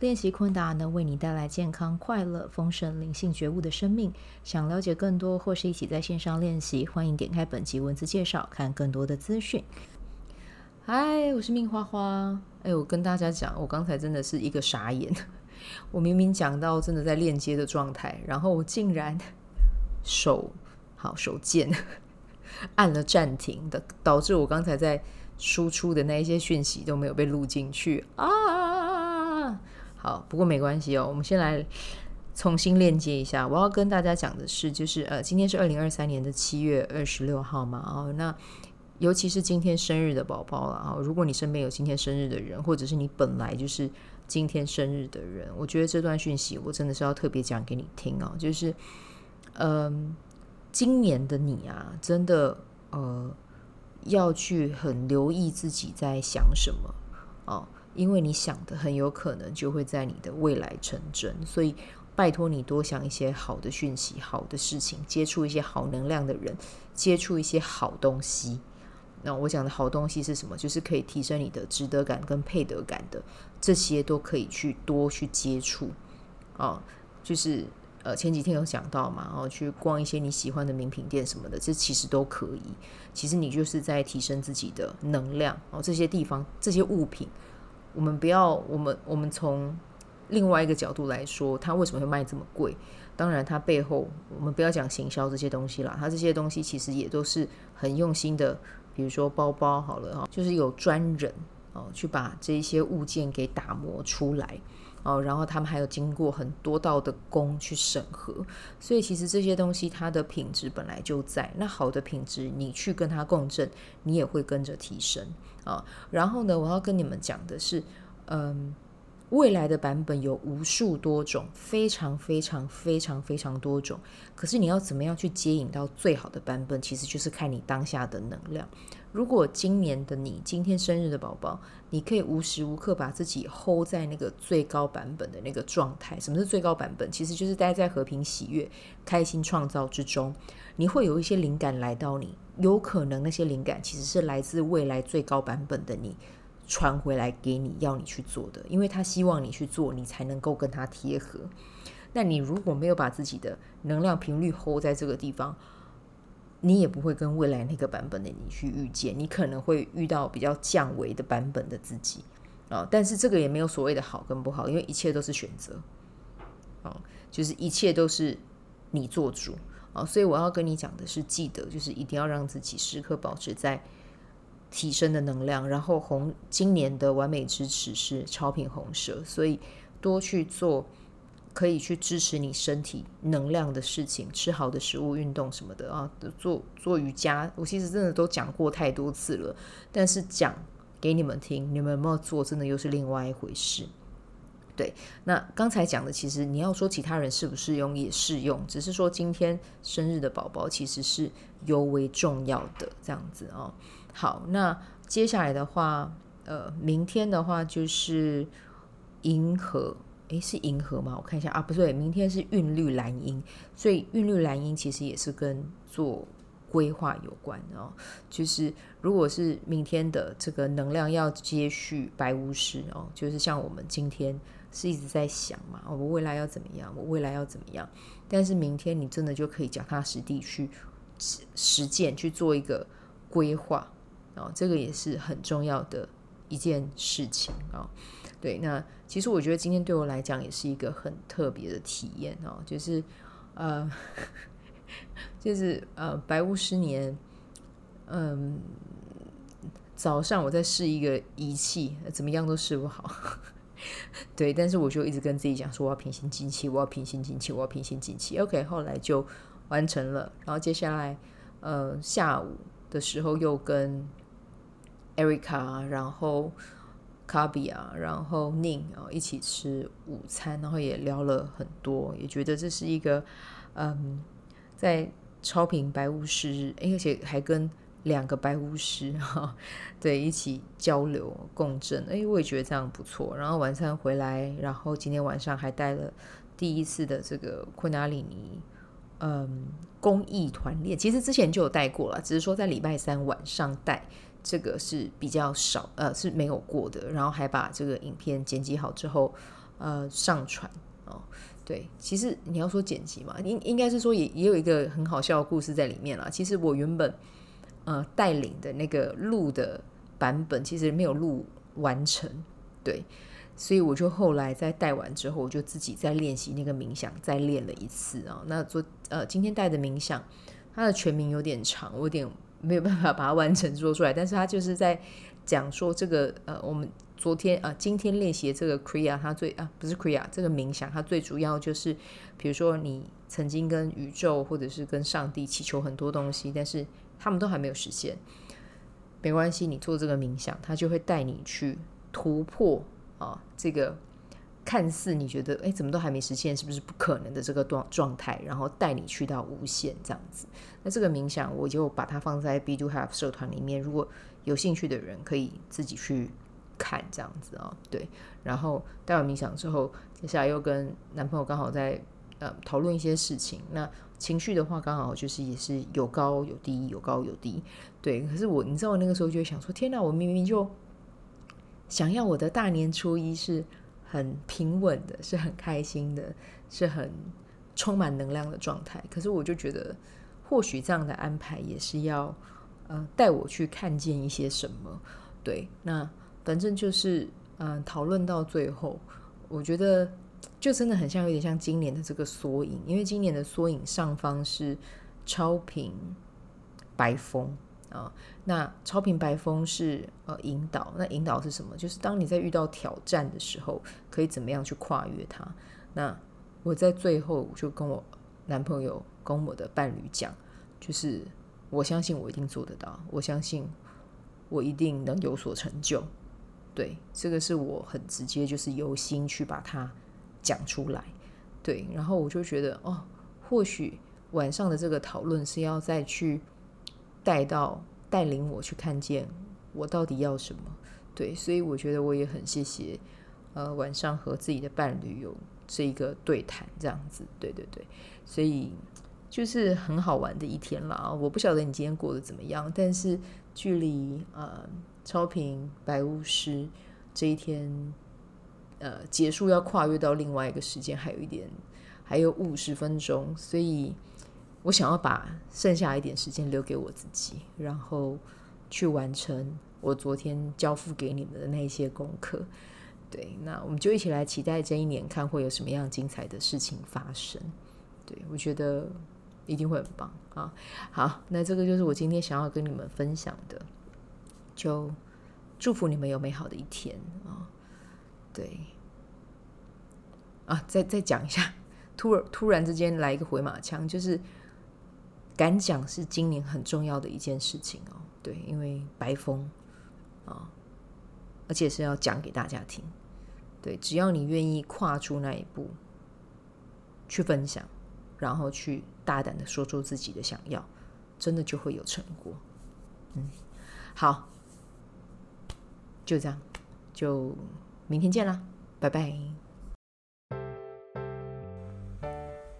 練習昆達里尼，為你帶來健康、快樂、豐盛、靈性覺悟的生命。想了解更多，或是一起在線上練習，歡迎點開本集文字介紹，看更多的資訊。嗨，我是 Min 花花。哎，我跟大家講，我剛才真的是一個傻眼。我明明講到真的在鏈接的狀態，然後我竟然手好手賤按了暫停的，導致我剛才在輸出的那一些訊息都沒有被錄進去啊。好，不過沒關係哦。我們先來重新鏈接一下。我要跟大家講的是，就是呃，今天是二零二三年的七月二十六號嘛。哦，那尤其是今天生日的寶寶了啊，哦。如果你身邊有今天生日的人，或者是你本來就是今天生日的人，我覺得這段訊息我真的是要特別講給你聽哦。就是，嗯，呃，今年的你啊，真的呃，要去很留意自己在想什麼，哦。因為你想的很有可能就會在你的未來成真，所以拜托你多想一些好的訊息、好的事情，接觸一些好能量的人，接觸一些好東西。那我講的好東西是什麼？就是可以提升你的值得感跟配得感的，這些都可以去多去接觸。哦、啊，就是呃前幾天有講到嘛、啊，去逛一些你喜歡的名品店什麼的，這其實都可以。其實你就是在提升自己的能量哦、啊。這些地方、這些物品。我們不要，我們我們從另外一個角度來說，它為什麼會賣這麼貴？當然，它背後我們不要講行銷這些東西啦，它這些東西其實也都是很用心的。比如說包包好了哈，就是有專人哦去把這一些物件給打磨出來。哦，然後他們還有經過很多道的工去審核，所以其實這些東西它的品質本來就在。那好的品質，你去跟它共振，你也會跟着提升啊。哦，然後呢，我要跟你們講的是，嗯。未來的版本有無數多種，非常非常非常非常多種。可是你要怎麼樣去接引到最好的版本？其實就是看你當下的能量。如果今年的你，今天生日的寶寶，你可以無時無刻把自己 hold 在那個最高版本的那個狀態。什麼是最高版本？其實就是待在和平、喜悅、開心、創造之中。你會有一些靈感來到你，有可能那些靈感其實是來自未來最高版本的你。傳回來給你，要你去做的，因為他希望你去做，你才能夠跟他貼合。那你如果沒有把自己的能量頻率 hold 在這個地方，你也不會跟未來那個版本的你去遇見，你可能會遇到比較降維的版本的自己啊，哦。但是這個也沒有所謂的好跟不好，因為一切都是選擇，哦，就是一切都是你做主啊，哦。所以我要跟你講的是，記得就是一定要讓自己時刻保持在。提升的能量，然後紅今年的完美支持是超頻紅蛇，所以多去做可以去支持你身體能量的事情，吃好的食物、運動什麼的啊，做做瑜伽。我其實真的都講過太多次了，但是講給你們聽，你們有沒有做，真的又是另外一回事。對，那剛才講的，其實你要說其他人適不適用也適用，只是說今天生日的寶寶其實是尤為重要的，這樣子啊。好，那接下來的話，呃，明天的話就是銀河，誒、欸，是銀河嗎？我看一下啊，不對，明天是韻律藍鷹，所以韻律藍鷹其實也是跟做規劃有關的哦。就是如果是明天的這個能量要接續白巫師哦，就是像我們今天是一直在想嘛、哦，我未來要怎麼樣，我未來要怎麼樣？但是明天你真的就可以腳踏實地去實踐，去做一個規劃。哦，這個也是很重要的一件事情啊、哦。對，那其實我覺得今天對我來講也是一個很特別的體驗哦，就是，呃，就是呃，白巫師年，嗯，早上我在試一個儀器、呃，怎麼樣都試不好呵呵，對，但是我就一直跟自己講說，我要平心靜氣，我要平心靜氣，我要平心靜氣。OK，後來就完成了。然後接下來，呃，下午的時候又跟 Erica，然後卡比啊，然後寧啊，一起吃午餐，然後也聊了很多，也覺得這是一個嗯，在超頻白巫師，哎、欸，而且還跟兩個白巫師哈、啊，對一起交流共振，誒、欸，我也覺得這樣不錯。然後晚餐回來，然後今天晚上還帶了第一次的這個昆達里尼嗯公益團練，其實之前就有帶過了，只是說在禮拜三晚上帶。這個是比較少，呃，是沒有過的。然後還把這個影片剪輯好之後，呃，上傳哦。對，其實你要說剪輯嘛，應應該是說也也有一個很好笑的故事在裡面啦。其實我原本呃帶領的那個錄的版本，其實沒有錄完成，對，所以我就後來在帶完之後，我就自己再練習那個冥想，再練了一次啊、哦。那昨呃今天帶的冥想，它的全名有點長，我有點。沒有辦法把它完成做出來，但是他就是在講說這個呃，我們昨天啊、呃，今天練習的這個 Kriya，它最啊不是 Kriya，這個冥想它最主要就是，比如說你曾經跟宇宙或者是跟上帝祈求很多東西，但是他們都還沒有實現，沒關係，你做這個冥想，他就會帶你去突破啊、呃、這個。看似你覺得，哎，怎麼都還沒實現，是不是不可能的這個狀狀態，然後帶你去到無限這樣子。那這個冥想，我就把它放在 Be-Do-Have 社團裡面，如果有興趣的人可以自己去看這樣子啊、哦。對，然後帶完冥想之後，接下來又跟男朋友剛好在呃討論一些事情。那情緒的話，剛好就是也是有高有低，有高有低。對，可是我，你知道我那個時候就會想說，天哪，我明明就想要我的大年初一是。很平穩的，是很開心的，是很充滿能量的狀態。可是我就覺得，或許這樣的安排也是要，呃，帶我去看見一些什麼。對，那反正就是，嗯、呃，討論到最後，我覺得就真的很像，有點像今年的這個縮影，因為今年的縮影上方是超頻白風。啊、哦，那超頻白風是呃引導，那引導是什麼？就是當你在遇到挑戰的時候，可以怎麼樣去跨越它？那我在最後就跟我男朋友，跟我的伴侶講，就是我相信我一定做得到，我相信我一定能有所成就。對，這個是我很直接，就是由心去把它講出來。對，然後我就覺得哦，或許晚上的這個討論是要再去。帶到帶領我去看見我到底要什麼，對，所以我覺得我也很謝謝，呃，晚上和自己的伴侶有這一個對談，這樣子，對對對，所以就是很好玩的一天啦。我不曉得你今天過得怎麼樣，但是距離呃，超頻白巫師這一天呃結束要跨越到另外一個時間還有一點，還有五十分鐘，所以。我想要把剩下一點時間留給我自己，然後去完成我昨天交付給你們的那一些功課。對，那我們就一起來期待這一年，看會有什麼樣精彩的事情發生。對我覺得一定會很棒啊！好，那這個就是我今天想要跟你們分享的。就祝福你們有美好的一天啊！對，啊，再再講一下，突然突然之間來一個回馬槍，就是。敢講是今年很重要的一件事情哦，對，因為白風啊、哦，而且是要講給大家聽，對，只要你願意跨出那一步，去分享，然後去大膽地說出自己的想要，真的就會有成果。嗯，好，就這樣，就明天見啦，拜拜。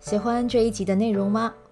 喜歡這一集的內容嗎？